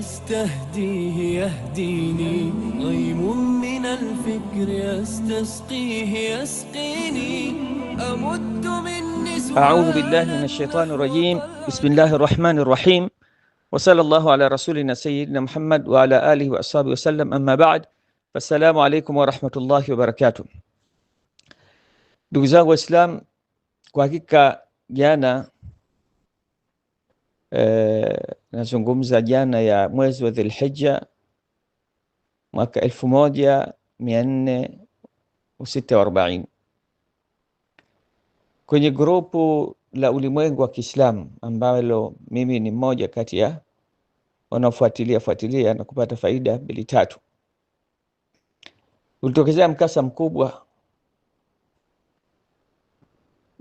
أستهديه يهديني غيم من الفكر أستسقيه يسقيني أمد من نسوان أعوذ بالله من الشيطان الرجيم بسم الله الرحمن الرحيم وصلى الله على رسولنا سيدنا محمد وعلى آله وأصحابه وسلم أما بعد فالسلام عليكم ورحمة الله وبركاته Ndugu وإسلام Waislamu, kwa hakika jana eh, nazungumza jana ya mwezi wa Dhulhijja mwaka elfu moja mia nne sita wa arobaini kwenye grupu la ulimwengu wa Kiislamu ambalo mimi ni mmoja kati ya wanaofuatilia fuatilia na kupata faida mbili tatu, ulitokezea mkasa mkubwa.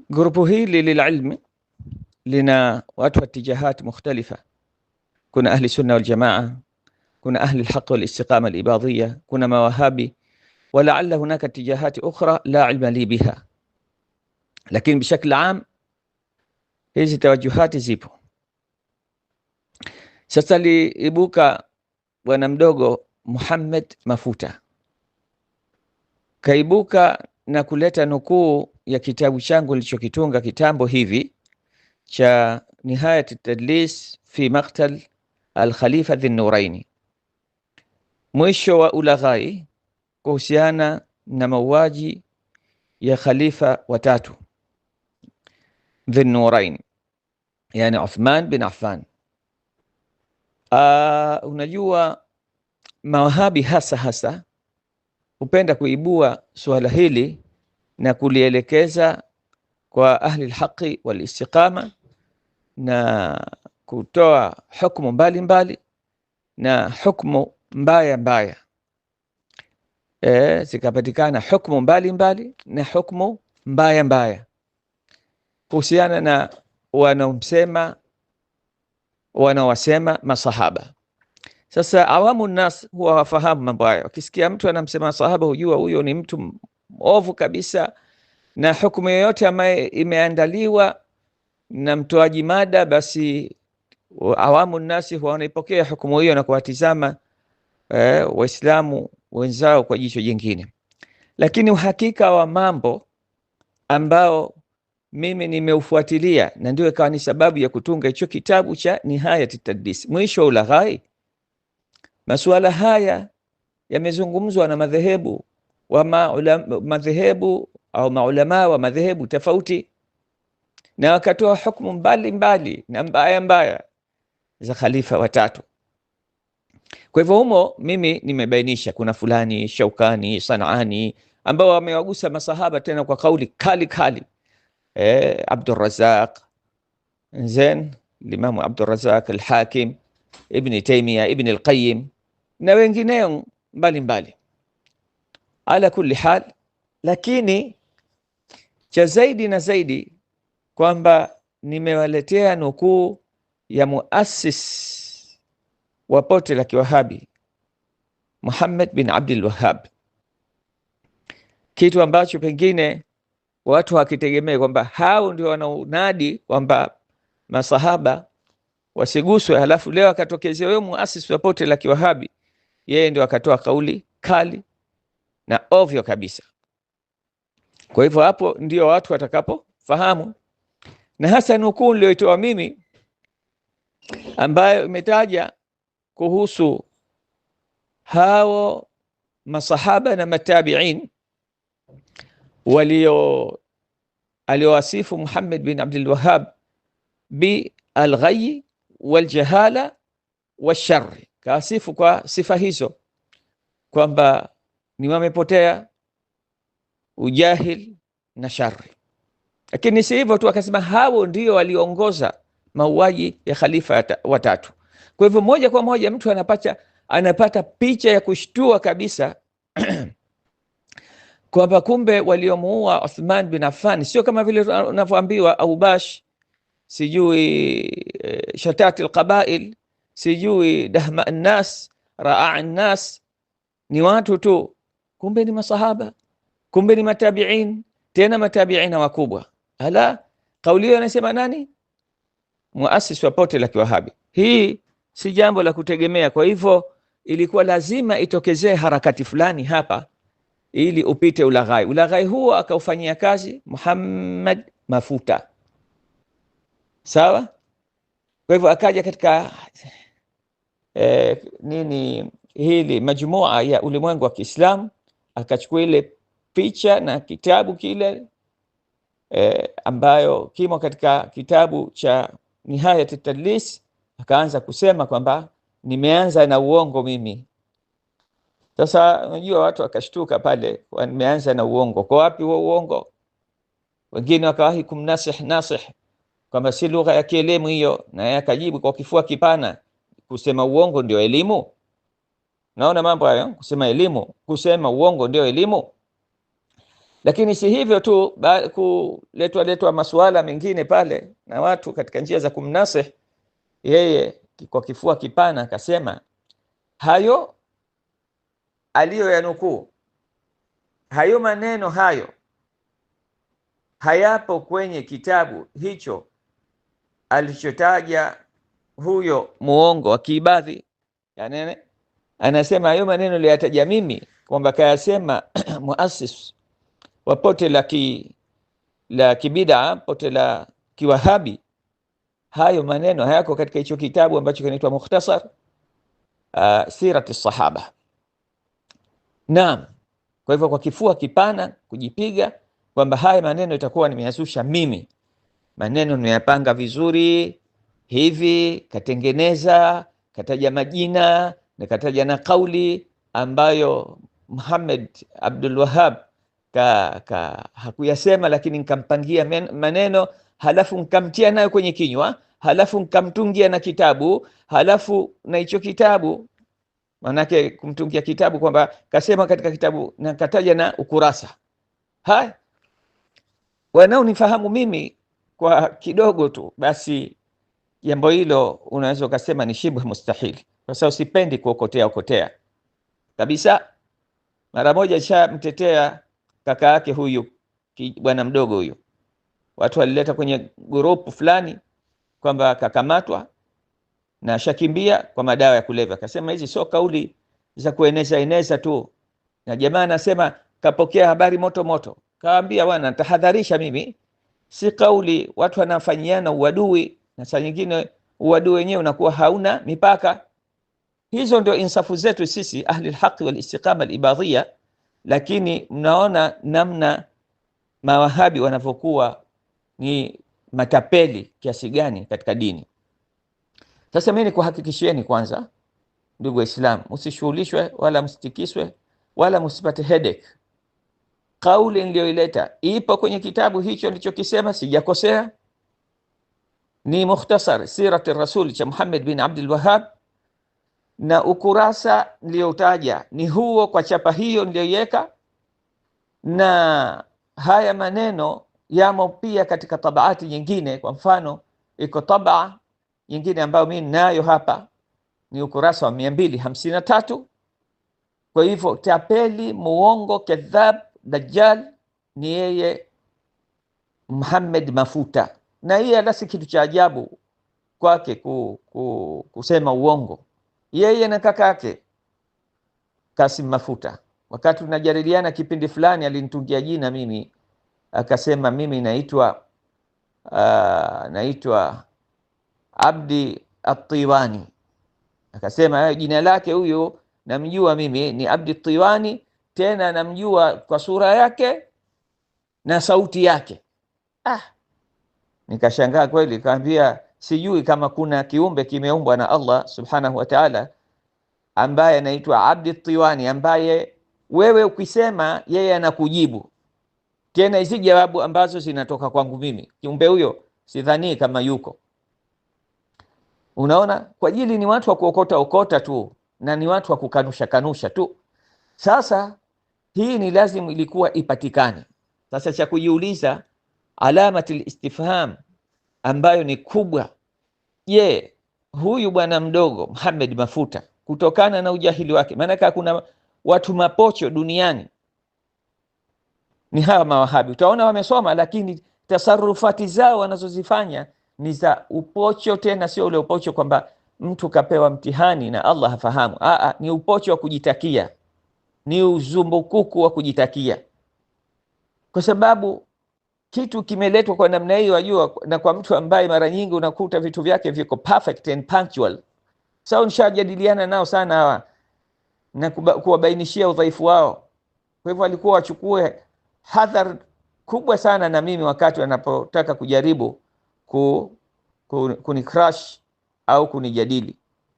Grupu hili lililmi لنا واتوا اتجاهات مختلفه كنا اهل السنه والجماعه كنا اهل الحق والاستقامه الاباضيه كنا مواهبي ولعل هناك اتجاهات اخرى لا علم لي بها لكن بشكل عام هذه التوجهات زيبو ستالي ابوكا ونمدوغو محمد مفوتا كيبوكا نكولتا نكو يا كتاب شانغو لشوكيتونغا كتامبو هيفي cha Nihayat Tadlis fi Maktal Alkhalifa Dhinuraini, mwisho wa ulaghai kuhusiana na mauaji ya khalifa watatu Dhinurain, yani Uthman bin Affan. Uh, unajua mawahabi hasa hasa hupenda kuibua suala hili na kulielekeza kwa ahli lhaqi walistiqama na kutoa hukumu mbalimbali na hukumu mbaya mbaya, e, zikapatikana hukumu mbalimbali na hukumu mbaya mbaya kuhusiana na wanaomsema wanaowasema masahaba. Sasa awamu nas huwa wafahamu mambo hayo, wakisikia mtu anamsema sahaba hujua huyo ni mtu ovu kabisa, na hukumu yoyote ambayo imeandaliwa na mtoaji mada, basi awamu nasi wanaipokea hukumu hiyo na kuwatizama eh, Waislamu wenzao kwa jicho jingine. Lakini uhakika wa mambo ambao mimi nimeufuatilia na ndio ikawa ni sababu ya kutunga hicho kitabu cha Nihayat tadlis mwisho wa ulaghai. Masuala haya yamezungumzwa na madhehebu wa maulama, madhehebu au maulamaa wa madhehebu tofauti na wakatoa hukumu mbalimbali na mbaya mbaya za khalifa watatu. Kwa hivyo humo mimi nimebainisha kuna fulani Shaukani, Sanaani ambao wamewagusa masahaba tena kwa kauli kali kali. eh, Abdurazaq Zen, limamu Abdurazaq alhakim ibni Ibn Taymiya, Ibn Alqayyim na wengineo mbalimbali. Ala kulli hal, lakini cha zaidi na zaidi kwamba nimewaletea nukuu ya muassis wa pote la Kiwahabi Muhammad bin Abdul Wahhab, kitu ambacho pengine watu hakitegemee kwamba hao ndio wanaunadi kwamba masahaba wasiguswe, halafu leo akatokezea huyo muasis wa pote la Kiwahabi, yeye ndio akatoa kauli kali na ovyo kabisa. Kwa hivyo hapo ndio watu watakapofahamu na hasa nukuu niliyoitoa mimi ambayo imetaja kuhusu hao masahaba na matabiin walio aliowasifu Muhammad bin Abdul Wahhab bi alghayi waljahala washari, kawasifu kwa sifa hizo kwamba ni wamepotea ujahil na shari. Lakini si hivyo tu, akasema hao ndio waliongoza mauaji ya khalifa watatu. Kwa hivyo moja kwa moja mtu anapata, anapata picha ya kushtua kabisa kwamba kumbe waliomuua Uthman bin Affan sio kama vile unavyoambiwa Aubash, sijui eh, shatat alqabail, sijui dahma nnas, raa nnas, ni watu tu, kumbe ni masahaba, kumbe ni matabiin, tena matabiina wakubwa. Ala, kauli hiyo anasema nani? Muasisi wa pote la Kiwahabi. Hii si jambo la kutegemea. Kwa hivyo ilikuwa lazima itokezee harakati fulani hapa ili upite ulaghai. Ulaghai huo akaufanyia kazi Muhammad Mafuta, sawa. Kwa hivyo akaja katika eh, nini hili majumua ya ulimwengu wa Kiislamu akachukua ile picha na kitabu kile eh, ambayo kimo katika kitabu cha Nihayat Tadlis, akaanza kusema kwamba nimeanza na uongo mimi. Sasa unajua watu wakashtuka pale, nimeanza na uongo. Kwa wapi huo uongo? Wengine wakawahi kumnasih nasih kwamba si lugha ya kielimu hiyo, naye akajibu kwa kifua kipana, kusema uongo ndio elimu. Naona mambo hayo, kusema elimu, kusema uongo ndio elimu. Lakini si hivyo tu, kuletwa letwa masuala mengine pale na watu katika njia za kumnase yeye, kwa kifua kipana akasema hayo aliyoyanukuu, hayo maneno hayo hayapo kwenye kitabu hicho alichotaja huyo muongo wa Kiibadhi. Yani anasema hayo maneno liyataja mimi kwamba kayasema muasisi wa pote la, ki, la kibidaa pote la kiwahabi. Hayo maneno hayako katika hicho kitabu ambacho kinaitwa Mukhtasar uh, Sirati Sahaba. Naam, kwa hivyo kwa kifua kipana kujipiga kwamba haya maneno itakuwa nimeyazusha mimi, maneno nimeyapanga vizuri hivi, katengeneza, kataja majina, nikataja na kauli ambayo Muhammad Abdul Wahhab ka, ka, hakuyasema lakini nikampangia maneno halafu nikamtia nayo kwenye kinywa halafu nikamtungia na kitabu halafu na hicho kitabu manake kumtungia kitabu kwamba kasema katika kitabu na kataja na ukurasa. Haya, wanaonifahamu mimi kwa kidogo tu, basi jambo hilo unaweza ukasema ni shibu mustahili, kwa sababu sipendi kuokotea okotea kabisa. Mara moja shamtetea kaka yake huyu bwana mdogo huyu, watu walileta kwenye grupu fulani kwamba akakamatwa na shakimbia kwa madawa ya kulevya. Akasema hizi sio kauli za kueneza eneza tu, na jamaa anasema kapokea habari moto moto, kaambia bwana, tahadharisha mimi, si kauli. Watu wanafanyiana uadui, na saa nyingine uadui wenyewe unakuwa hauna mipaka. Hizo ndio insafu zetu sisi ahli lhaqi walistiqama alibadhia lakini mnaona namna mawahabi wanavyokuwa ni matapeli kiasi gani katika dini. Sasa mimi nikuhakikishieni kwanza, ndugu Waislamu, msishughulishwe wala msitikiswe wala msipate headache. Kauli niliyoileta ipo kwenye kitabu hicho nilichokisema, sijakosea. Ni mukhtasar sirati rasul cha Muhammad bin Abdul Wahhab na ukurasa niliyotaja ni huo kwa chapa hiyo niliyoiweka, na haya maneno yamo pia katika tabaati nyingine. Kwa mfano, iko tabaa nyingine ambayo mimi ninayo hapa, ni ukurasa wa mia mbili hamsini na tatu. Kwa hivyo tapeli, muongo, kadhab, dajjal ni yeye Muhammad Mafuta, na hiye alasi kitu cha ajabu kwake ku, ku, kusema uongo yeye na kakake Kasim Mafuta, wakati tunajadiliana kipindi fulani, alinitungia jina mimi, akasema mimi naitwa uh, naitwa Abdi Atiwani. Akasema eh, jina lake huyo namjua mimi ni Abdi Tiwani, tena namjua kwa sura yake na sauti yake. Ah, nikashangaa kweli, kaambia Sijui kama kuna kiumbe kimeumbwa na Allah subhanahu wa ta'ala ambaye anaitwa Abdi Tiwani, ambaye wewe ukisema yeye anakujibu tena hizi jawabu ambazo zinatoka kwangu mimi. Kiumbe huyo sidhani kama yuko. Unaona, kwa ajili ni watu wa kuokota okota tu na ni watu wa kukanusha kanusha tu. Sasa hii ni lazima ilikuwa ipatikane. Sasa cha kujiuliza alamatil istifham ambayo ni kubwa. Je, huyu bwana mdogo Mohamed Mafuta kutokana na ujahili wake, maanake hakuna watu mapocho duniani ni hawa mawahabi. Utaona wamesoma, lakini tasarufati zao wanazozifanya ni za upocho, tena sio ule upocho kwamba mtu kapewa mtihani na Allah hafahamu. Aa, ni upocho wa kujitakia, ni uzumbukuku wa kujitakia, kwa sababu kitu kimeletwa kwa namna hiyo, wajua, na kwa mtu ambaye mara nyingi unakuta vitu vyake viko perfect and punctual. Sasa nishajadiliana nao sana hawa na kuwabainishia udhaifu wao. Kwa hivyo walikuwa wachukue hadhari kubwa sana na mimi wakati wanapotaka kujaribu ku, ku, kuni kunicrash au kunijadili.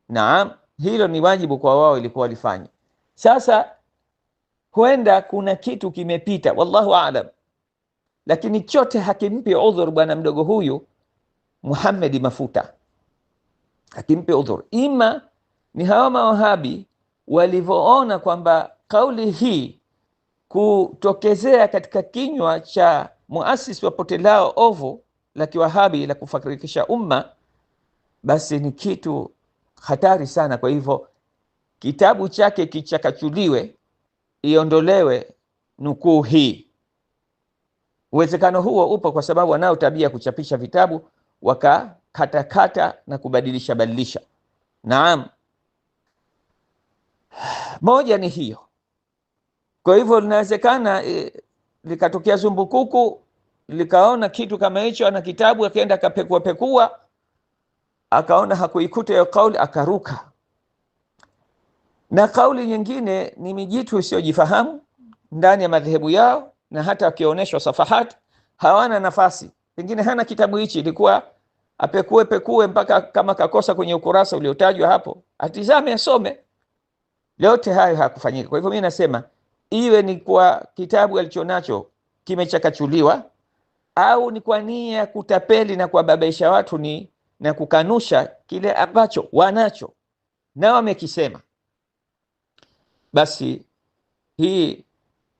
Naam, hilo ni wajibu kwa wao, ilikuwa walifanya. Sasa huenda kuna kitu kimepita, wallahu aalam lakini chote hakimpi udhur bwana mdogo huyu Muhamedi Mafuta, hakimpi udhur. Ima ni hawa mawahabi walivyoona kwamba kauli hii kutokezea katika kinywa cha muasisi wa pote lao ovu la kiwahabi la kufakirikisha umma, basi ni kitu hatari sana. Kwa hivyo kitabu chake kichakachuliwe, iondolewe nukuu hii. Uwezekano huo upo kwa sababu wanao tabia kuchapisha vitabu wakakatakata na kubadilisha badilisha. Naam, moja ni hiyo. Kwa hivyo linawezekana e, likatokea zumbukuku likaona kitu kama hicho, ana kitabu akaenda akapekua pekua, akaona hakuikuta hiyo kauli, akaruka. Na kauli nyingine ni mijitu isiyojifahamu ndani ya madhehebu yao na hata wakionyeshwa safahat hawana nafasi. Pengine hana kitabu hichi, ilikuwa apekue pekue mpaka kama kakosa kwenye ukurasa uliotajwa hapo, atizame asome. Yote hayo hakufanyika. Kwa hivyo mimi nasema iwe ni kwa kitabu alichonacho kimechakachuliwa, au ni kwa nia ya kutapeli na kuwababaisha watu ni na kukanusha kile ambacho wanacho na wamekisema, basi hii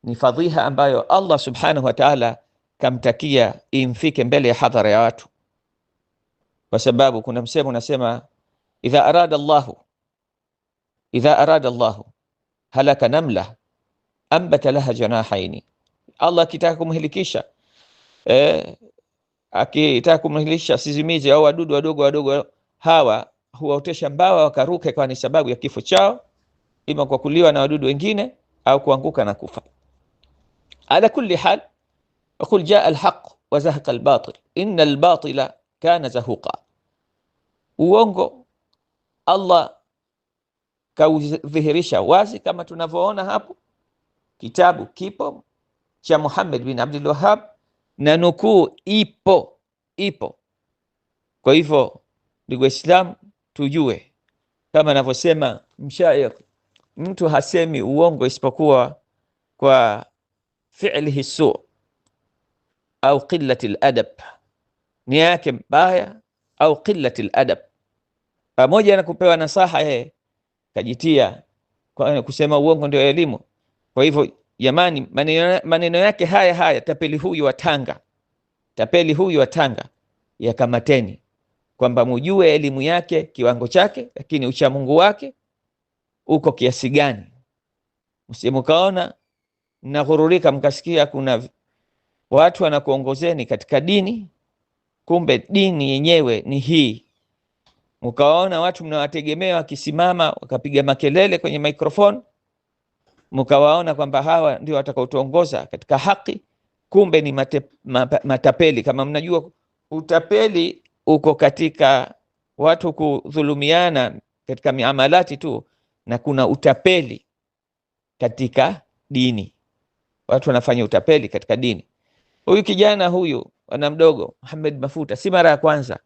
ni fadhiha ambayo Allah subhanahu wa ta'ala kamtakia imfike mbele ya hadhara ya watu, kwa sababu kuna msemo unasema idha arada Allahu idha arada Allahu halaka namla ambata laha janahaini, Allah akitaka kumhilikisha eh, akitaka kumhilikisha sizimizi au wadudu wadogo wadogo hawa huwaotesha mbawa wakaruke, kwa ni sababu ya kifo chao, ima kwa kuliwa na wadudu wengine au kuanguka na kufa. على كل حال أقول جاء الحق وزهق الباطل إن الباطل كان زهوقا uongo Allah kaudhihirisha wazi kama tunavyoona hapo kitabu kipo cha Muhammad bin Abdul Wahhab na nukuu ipo ipo kwa hivyo ndugu Islam tujue kama anavyosema mshair mtu hasemi uongo isipokuwa kwa فعله السوء au قلة ladab, نياك yake mbaya au الأدب ladab. Pamoja na kupewa nasaha, yeye kajitia kusema uongo ndio elimu. Kwa hivyo jamani, maneno yake haya haya, tapeli huyu wa Tanga, tapeli huyu wa Tanga, yakamateni kwamba mujue elimu yake kiwango chake, lakini uchamungu wake uko kiasi gani, msimukaona mnahururika mkasikia kuna watu wanakuongozeni katika dini, kumbe dini yenyewe ni hii. Mkaona watu mnawategemea wakisimama wakapiga makelele kwenye maikrofoni, mkawaona kwamba hawa ndio watakaotuongoza katika haki, kumbe ni mate, matapeli. Kama mnajua utapeli uko katika watu kudhulumiana katika miamalati tu, na kuna utapeli katika dini watu wanafanya utapeli katika dini. Huyu kijana huyu ana mdogo Mohamed Mafuta, si mara ya kwanza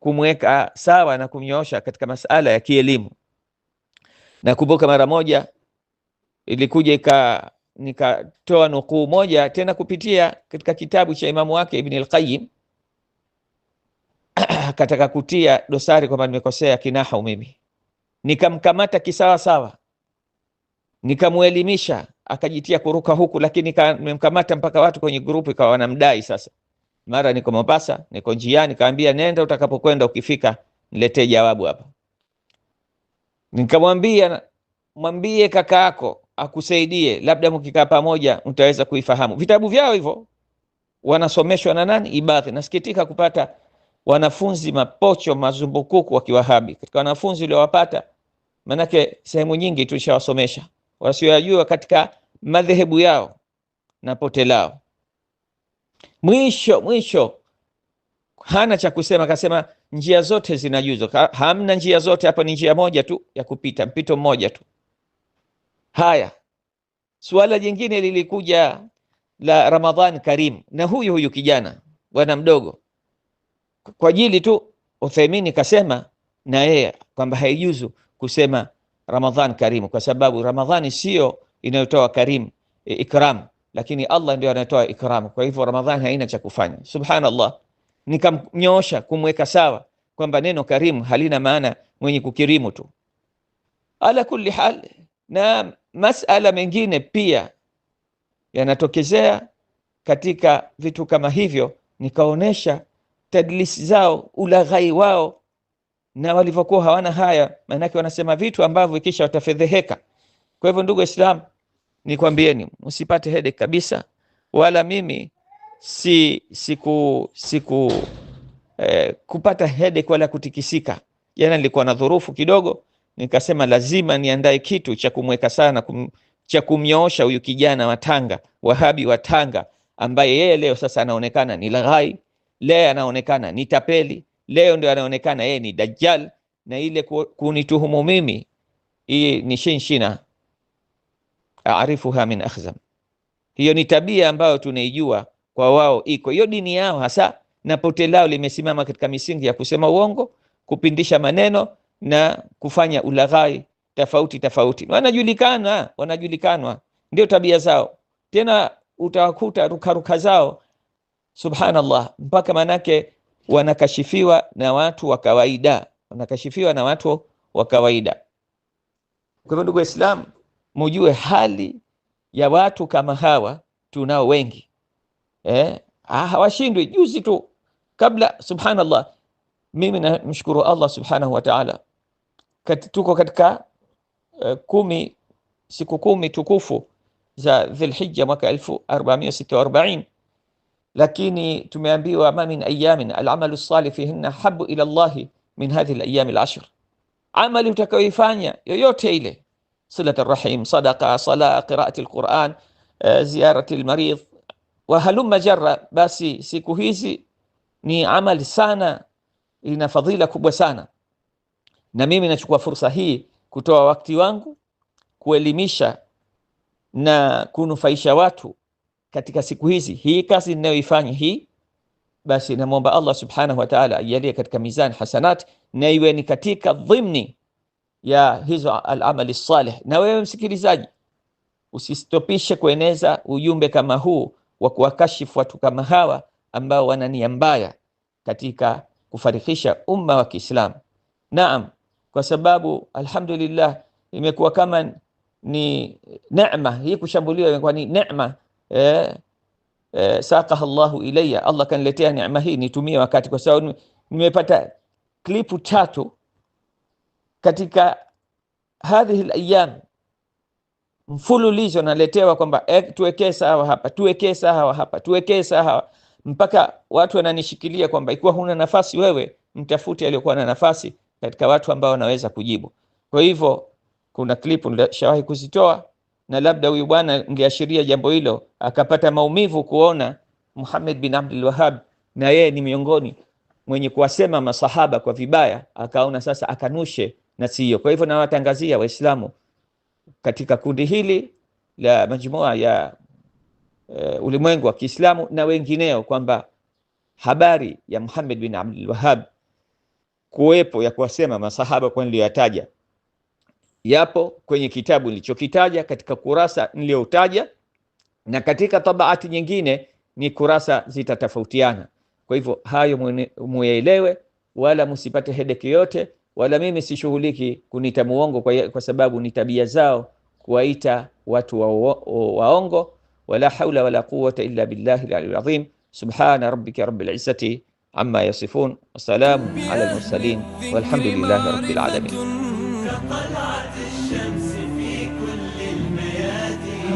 kumweka sawa na kumnyoosha katika masala ya kielimu. Nakumbuka mara moja ilikuja ika nikatoa nukuu moja tena kupitia katika kitabu cha imamu wake Ibn al-Qayyim akataka kutia dosari kwamba nimekosea kinahau mimi, nikamkamata kisawasawa, nikamuelimisha akajitia kuruka huku, lakini nimemkamata mpaka watu kwenye grupu ikawa wanamdai sasa. Mara niko Mombasa, niko njiani, kaambia nenda, utakapokwenda ukifika niletee jawabu hapa. Nikamwambia mwambie kaka yako akusaidie, labda mkikaa pamoja mtaweza kuifahamu. Vitabu vyao hivyo wanasomeshwa na nani? Ibadhi. Nasikitika kupata wanafunzi mapocho mazumbukuku wa Kiwahabi katika wanafunzi uliowapata, manake sehemu nyingi tulishawasomesha wasioyajua katika madhehebu yao na pote lao. Mwisho mwisho hana cha kusema, akasema njia zote zinajuzwa. Hamna njia zote hapa, ni njia moja tu ya kupita, mpito mmoja tu. Haya, suala jingine lilikuja la Ramadhan Karim na huyu huyu kijana bwana mdogo, kwa ajili tu Uthaimini kasema na yeye kwamba haijuzu kusema Ramadhan karimu, kwa sababu Ramadhani sio inayotoa karim e, ikram, lakini Allah ndio anatoa ikram. Kwa hivyo Ramadhani haina cha kufanya. Subhanallah, nikamnyoosha kumweka sawa kwamba neno karimu halina maana mwenye kukirimu tu. Ala kulli hal, na masala mengine pia yanatokezea katika vitu kama hivyo, nikaonesha tadlis zao, ulaghai wao na walivyokuwa hawana haya, maanake wanasema vitu ambavyo kisha watafedheheka. Kwa hivyo, ndugu Waislamu, nikwambieni msipate hede kabisa, wala mimi si siku siku eh, kupata hede wala kutikisika. Jana nilikuwa na dhurufu kidogo, nikasema lazima niandae kitu cha kumweka sana kum, cha kumnyoosha huyu kijana wa Tanga, Wahabi wa Tanga ambaye yeye leo sasa anaonekana ni laghai, leo anaonekana ni tapeli leo ndio anaonekana yeye ni Dajjal, na ile kunituhumu mimi hii ni shinshina, aarifuha min akhzam. Hiyo ni tabia ambayo tunaijua kwa wao, iko hiyo dini yao hasa, na pote lao limesimama katika misingi ya kusema uongo, kupindisha maneno na kufanya ulaghai tofauti tofauti. Wanajulikana, wanajulikanwa, ndio tabia zao. Tena utawakuta rukaruka zao, subhanallah, mpaka manake wanakashifiwa na watu wa kawaida, wanakashifiwa na watu wa kawaida. Kwa hivyo, ndugu Waislamu, mujue hali ya watu kama hawa tunao wengi eh, hawashindwi. Juzi tu kabla, subhanallah, mimi namshukuru Allah subhanahu wa ta'ala, tuko katika uh, kumi siku kumi tukufu za Dhulhijja mwaka 1446 lakini tumeambiwa ma min ayamin alamalu salih fihinna habu ila llahi min hadhihi alayami alashr, amali utakayoifanya yoyote ile, silata rahim, sadaqa, sala, qiraati alquran, eh, ziyarati almaridh wa halumma jarra, basi siku hizi ni amali sana, ina fadhila kubwa sana. Na mimi nachukua fursa hii kutoa wakati wangu kuelimisha na kunufaisha watu katika siku hizi, hii kazi ninayoifanya hii, basi namwomba Allah subhanahu wa ta'ala aijalie katika mizani hasanat, na iwe ni katika dhimni ya hizo alamali salih. Na wewe msikilizaji, usistopishe kueneza ujumbe kama huu wa kuwakashifu watu kama hawa ambao wana nia mbaya katika kufarikisha umma wa Kiislamu. Naam, kwa sababu alhamdulillah imekuwa kama ni neema hii, kushambuliwa imekuwa ni neema eh, eh, saqaha Allah kaniletea neema hii nitumie wakati, kwa sababu nimepata klipu tatu katika hadhihi layam mfululizo naletewa kwamba e, tuwekee sawa hapa, tuwekee sawa hapa, tuwekee sawa mpaka watu wananishikilia kwamba ikiwa huna nafasi wewe mtafute aliyokuwa na nafasi katika watu ambao wanaweza kujibu. Kwa hivyo kuna klipu nilishawahi kuzitoa na labda huyu bwana angeashiria jambo hilo akapata maumivu kuona Muhammad bin Abdul Wahhab na yeye ni miongoni mwenye kuwasema masahaba kwa vibaya, akaona sasa akanushe na siyo. Kwa hivyo nawatangazia Waislamu katika kundi hili la majumua ya e, ulimwengu wa Kiislamu na wengineo kwamba habari ya Muhammad bin Abdul Wahhab kuwepo ya kuwasema masahaba kwa niliyoyataja yapo kwenye kitabu nilichokitaja katika kurasa niliyotaja, na katika tabaati nyingine ni kurasa zitatofautiana. Kwa hivyo hayo muyaelewe, wala msipate hedeki yote, wala mimi sishughuliki kunita muongo kwa, kwa sababu ni tabia zao kuwaita watu wa, Wa waongo. wala haula wala quwwata illa billahi al-aliyyil azim. Subhana rabbika rabbil izzati amma yasifun, wasalamu ala al-mursalin, walhamdulillahi rabbil alamin. كطلعة الشمس في كل الميادين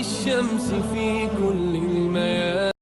الشمس في كل